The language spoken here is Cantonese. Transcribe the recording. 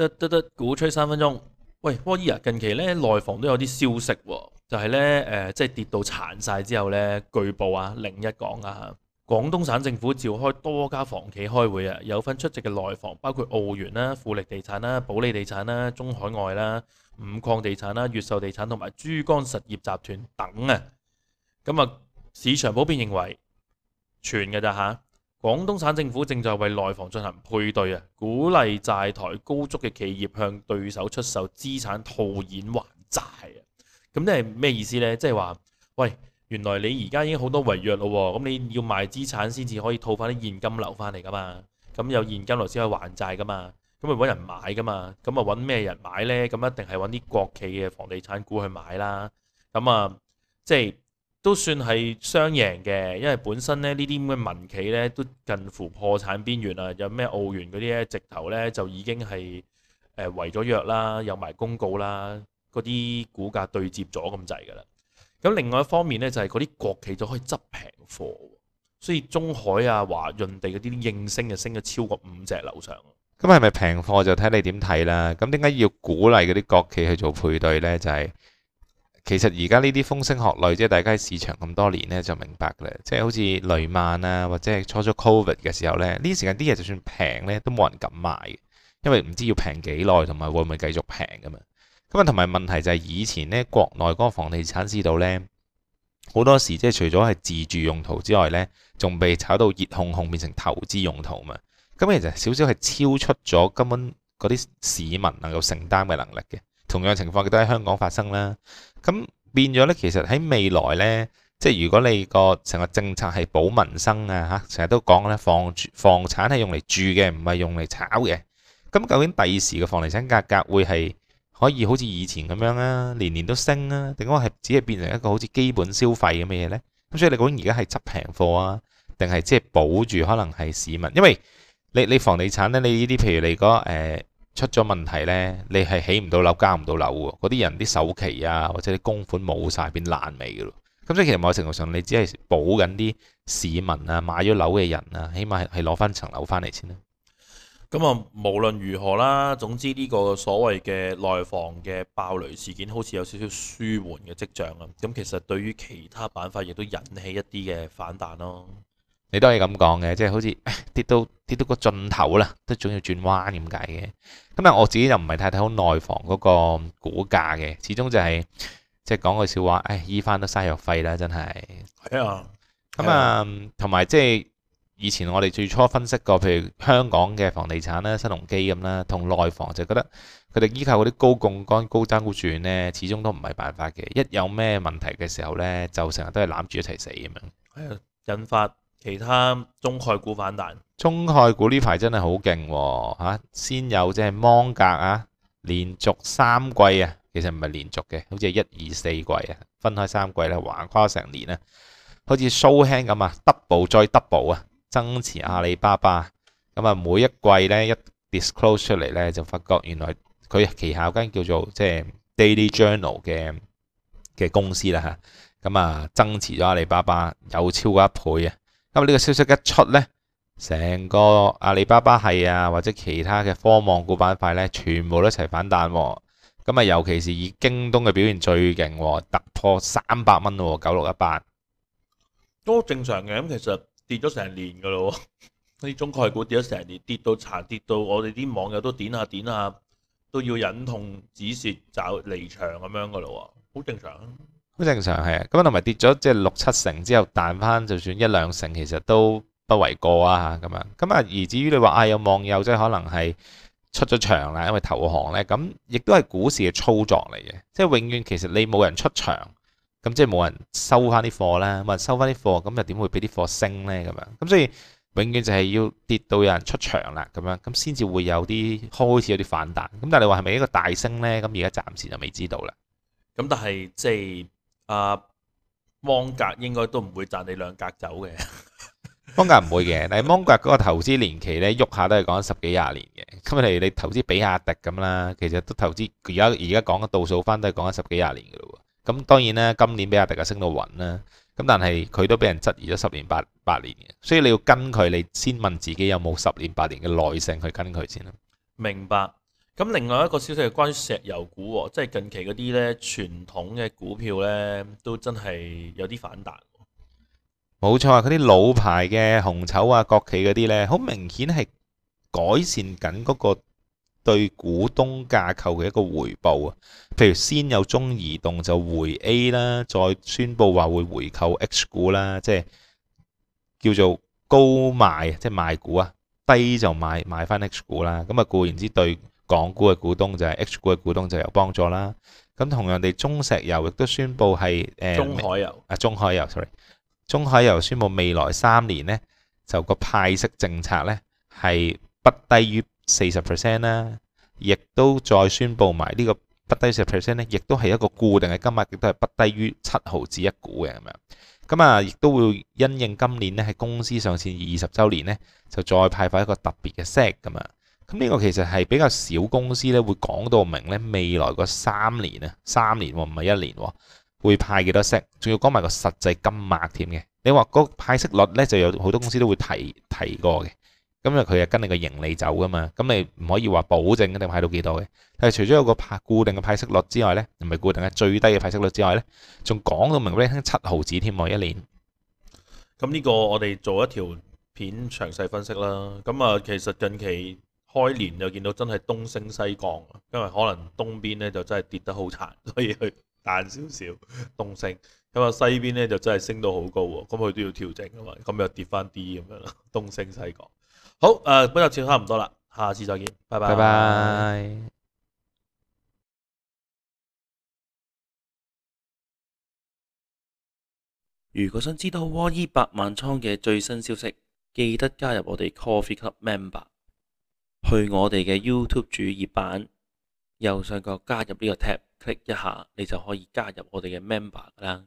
得得得，股吹三分鐘。喂，波兒啊，近期咧內房都有啲消息喎，就係咧誒，即係跌到殘晒之後咧，據報啊，另一講啊，廣東省政府召開多家房企開會啊，有份出席嘅內房包括奧園啦、啊、富力地產啦、啊、保利地產啦、啊、中海外啦、啊、五礦地產啦、啊、越秀地產同埋珠江實業集團等啊。咁啊，市場普遍認為全嘅咋吓？廣東省政府正在為內房進行配對啊，鼓勵債台高築嘅企業向對手出售資產套現還債啊！咁即係咩意思呢？即係話，喂，原來你而家已經好多違約咯，咁你要賣資產先至可以套翻啲現金流翻嚟噶嘛？咁有現金流先可以還債噶嘛？咁咪揾人買噶嘛？咁啊揾咩人買呢？咁一定係揾啲國企嘅房地產股去買啦。咁啊，即係。都算係雙贏嘅，因為本身咧呢啲咁嘅民企咧都近乎破產邊緣啦，有咩澳元嗰啲咧直頭咧就已經係誒違咗約啦，有、呃、埋公告啦，嗰啲股價對接咗咁滯㗎啦。咁另外一方面咧就係嗰啲國企就可以執平貨，所以中海啊、華潤地嗰啲應聲就升咗超過五隻樓上。咁係咪平貨就睇你點睇啦？咁點解要鼓勵嗰啲國企去做配對呢？就係、是。其實而家呢啲風聲鶴唳，即係大家喺市場咁多年咧，就明白㗎啦。即係好似雷曼啊，或者係初初 covid 嘅時候咧，呢時間啲嘢就算平咧，都冇人敢買，因為唔知要平幾耐，同埋會唔會繼續平噶嘛？咁啊，同埋問題就係以前咧，國內嗰個房地產市道咧，好多時即係除咗係自住用途之外咧，仲被炒到熱烘烘，變成投資用途嘛。咁其實少少係超出咗根本嗰啲市民能夠承擔嘅能力嘅。同樣情況亦都喺香港發生啦，咁變咗咧，其實喺未來咧，即係如果你個成個政策係保民生啊嚇，成日都講咧，房住房產係用嚟住嘅，唔係用嚟炒嘅。咁究竟第二時嘅房地產價格格會係可以好似以前咁樣啊，年年都升啊，定係係只係變成一個好似基本消費咁嘅嘢咧？咁所以你講而家係執平貨啊，定係即係保住可能係市民？因為你你房地產咧，你呢啲譬如你個誒出咗問題呢，你係起唔到樓，交唔到樓喎。嗰啲人啲首期啊，或者啲公款冇晒，變爛尾咯。咁即係其實某程度上，你只係補緊啲市民啊，買咗樓嘅人啊，起碼係攞翻層樓翻嚟先啦。咁啊，無論如何啦，總之呢個所謂嘅內房嘅爆雷事件好，好似有少少舒緩嘅跡象啊。咁其實對於其他板塊，亦都引起一啲嘅反彈咯。你都係咁講嘅，即係好似跌到跌到個盡頭啦，都仲要轉彎咁解嘅。咁啊，我自己就唔係太睇好內房嗰個股價嘅，始終就係，即係講句笑話，誒醫翻都嘥藥費啦，真係。係啊。咁啊，同埋即係以前我哋最初分析過，譬如香港嘅房地產啦、新鴻基咁啦，同內房就覺得佢哋依靠嗰啲高槓桿高爭周轉咧，始終都唔係辦法嘅。一有咩問題嘅時候咧，就成日都係攬住一齊死咁樣。係啊，引發。其他中概股反彈，中概股呢排真係好勁喎嚇，先有即係芒格啊，連續三季啊，其實唔係連續嘅，好似一二四季啊，分開三季咧，橫跨成年啊，好似 show hand 咁啊，double 再 double 啊，增持阿里巴巴，咁啊每一季咧一 disclose 出嚟咧，就發覺原來佢旗下間叫做即係、就是、Daily Journal 嘅嘅公司啦嚇，咁啊增持咗阿里巴巴有超過一倍啊。今日呢個消息一出呢，成個阿里巴巴係啊，或者其他嘅科網股板塊呢，全部都一齊反彈喎。咁啊，尤其是以京東嘅表現最勁喎，突破三百蚊咯，九六一八都正常嘅。咁其實跌咗成年嘅咯，啲中概股跌咗成年，跌到殘，跌到我哋啲網友都點下點下，都要忍痛止蝕走離場咁樣嘅咯，好正常。正常係啊，咁同埋跌咗即係六七成之後彈翻，就算一兩成其實都不為過啊咁樣。咁啊而至於你話啊有網友即係可能係出咗場啦，因為投行咧，咁亦都係股市嘅操作嚟嘅。即係永遠其實你冇人出場，咁即係冇人收翻啲貨啦。咁啊收翻啲貨，咁又點會俾啲貨升咧咁樣？咁所以永遠就係要跌到有人出場啦，咁樣咁先至會有啲開始有啲反彈。咁但係你話係咪一個大升咧？咁而家暫時就未知道啦。咁但係即係。就是啊，芒格應該都唔會賺你兩格走嘅，芒 格唔會嘅。但係芒格嗰個投資年期咧，喐下都係講緊十幾廿年嘅。咁你你投資比亞迪咁啦，其實都投資而家而家講嘅倒數翻都係講緊十幾廿年嘅咯。咁當然啦，今年比亞迪啊升到雲啦，咁但係佢都俾人質疑咗十年八八年嘅。所以你要跟佢，你先問自己有冇十年八年嘅耐性去跟佢先啦。明白。咁另外一個消息係關於石油股，即係近期嗰啲咧傳統嘅股票咧，都真係有啲反彈。冇錯啊，嗰啲老牌嘅紅籌啊、國企嗰啲咧，好明顯係改善緊嗰個對股東架構嘅一個回報啊。譬如先有中移動就回 A 啦，再宣布話會回購 H 股啦，即係叫做高賣，即係賣股啊，低就買，買返 H 股啦。咁啊，固然之對，港股嘅股東就係、是、H 股嘅股東就有幫助啦。咁同樣哋中石油亦都宣布係誒，中海油啊，中海油，sorry，中海油宣布未來三年咧就個派息政策咧係不低於四十 percent 啦，亦都再宣布埋呢個不低於十 percent 咧，亦都係一個固定嘅金額，亦都係不低於七毫子一股嘅咁樣。咁啊，亦都會因應今年咧喺公司上線二十周年咧，就再派發一個特別嘅息咁啊。咁呢個其實係比較少公司咧會講到明咧未來個三年咧三年唔係一年會派幾多息，仲要講埋個實際金額添嘅。你話個派息率咧就有好多公司都會提提過嘅，咁啊佢係跟你個盈利走噶嘛，咁你唔可以話保證一定派到幾多嘅。但係除咗有個固定嘅派息率之外咧，唔係固定嘅最低嘅派息率之外咧，仲講到明咧七毫子添喎一年。咁呢個我哋做一條片詳細分析啦。咁啊，其實近期開年就見到真係東升西降，因為可能東邊咧就真係跌得好慘，所以佢彈少少東升。咁啊西邊咧就真係升到好高喎，咁佢都要調整啊嘛，咁又跌翻啲咁樣啦。東升西降，好誒，今日講差唔多啦，下次再見，拜拜。拜拜。如果想知道沃爾百萬倉嘅最新消息，記得加入我哋 Coffee Club member。去我哋嘅 YouTube 主頁版右上角加入呢個 tab，click 一下，你就可以加入我哋嘅 member 啦。